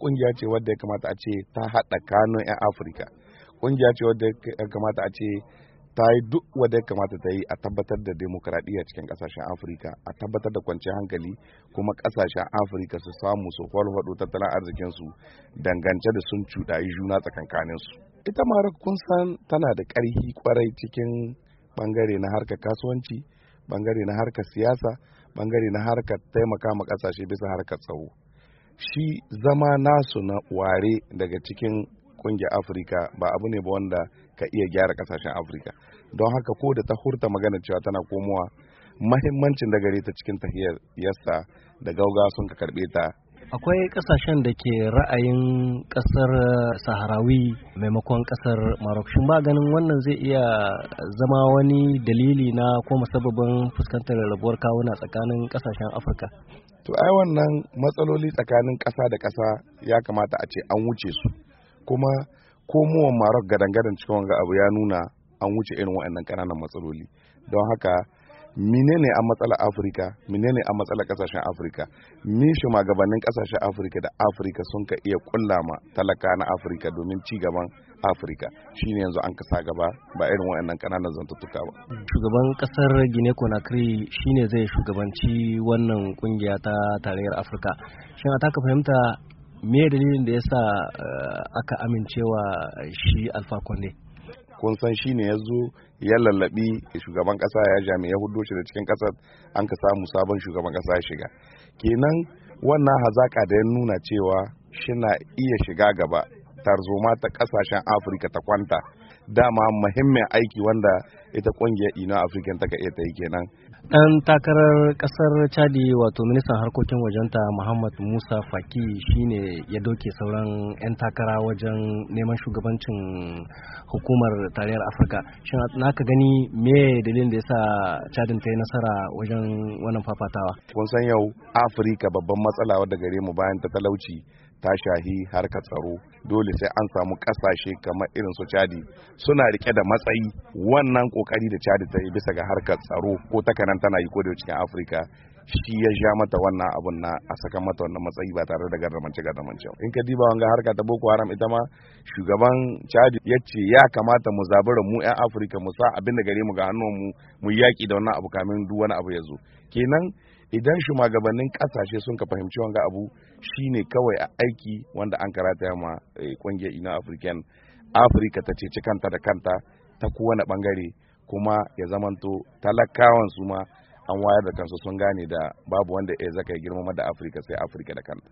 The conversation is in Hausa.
kungiya ce wadda ya kamata a ce ta haɗa kanun 'yan afirka kungiya ce wadda ya kamata a ce ta yi duk wadda ya kamata ta yi a tabbatar da demokradiyya cikin kasashen afirka a tabbatar da kwanciyar hankali kuma kasashen afirka su samu su kwalwado tattalin arzikinsu dangance da sun cuɗayi juna tsakankaninsu ita mara kun san tana da ƙarfi kwarai cikin bangare na harkar kasuwanci bangare na harkar siyasa bangare na harkar taimaka ma kasashe bisa harkar tsawo shi zama nasu na ware daga cikin kungiyar afirka ba abu ne ba wanda ka iya gyara kasashen afirka don haka ko da ta hurta magana cewa tana komowa mahimmancin da gare ta cikin tahiyar yasa da gauga sun ka karbe ta akwai kasashen da ke ra'ayin kasar saharawi maimakon kasar marok shin ba ganin wannan zai iya zama wani dalili na ko musababin fuskantar rabuwar kawuna tsakanin kasashen afirka to ai wannan matsaloli tsakanin kasa da kasa ya kamata a ce an wuce su kuma komowar marok gadan-gadan cikin wanga abu ya nuna an wuce irin waɗannan ƙananan matsaloli don haka menene a matsalar afirka menene a matsalar kasashen afirka mishi magabannin kasashen afirka da afirka sun ka iya kulla ma talaka na afirka domin ci gaban afirka shine yanzu an kasa gaba ba irin waɗannan kananan zantuttuka ba shugaban kasar gine conakry shine zai shugabanci wannan kungiya ta tarayyar afirka shin a taka fahimta me dalilin da yasa eh, aka amincewa shi alfa kun san shi ne ya zo ya lallabi shugaban kasa ya ya hudu da cikin kasar an ka samu sabon shugaban kasa ya shiga kenan wannan hazaka da ya nuna cewa shi na iya shiga gaba tarzoma ta kasashen afirka ta kwanta dama muhimmin aiki wanda ita kungiyar ina african ta iya ta yi kenan dan takarar kasar chadi wato ministan harkokin wajenta muhammad musa faki shine ya doke sauran 'yan takara wajen neman shugabancin hukumar tarayyar afirka shin naka gani me dalilin da ya sa chadin ta yi nasara wajen wannan fafatawa kun san yau afirka babban matsala wadda gare mu bayan ta talauci ta shahi har ka tsaro dole sai an samu kasashe kamar irin su chadi suna rike da matsayi wannan kokari da cadi ta yi bisa ga harkar tsaro ko ta tana yi ko da cikin Afirka shi ya sha mata wannan abun na a saka mata wannan matsayi ba tare da garramance garramance in ka diba wanga harka ta Boko Haram ita ma shugaban Chadi ya ce ya kamata mu zabura mu yan Afirka mu sa abin da gare mu ga hannun mu mu yaki da wannan abu kamin duk wani abu ya zo kenan idan shugabannin kasashe sun ka fahimci wanga abu shine kawai a aiki wanda an karata ma kungiyar eh, ina african afirka ta ce kanta da kanta ta kowane bangare kuma ya zamanto talakawan su ma an wayar da kansu sun gane da babu wanda ya zaka girma da afirka sai afirka da kanta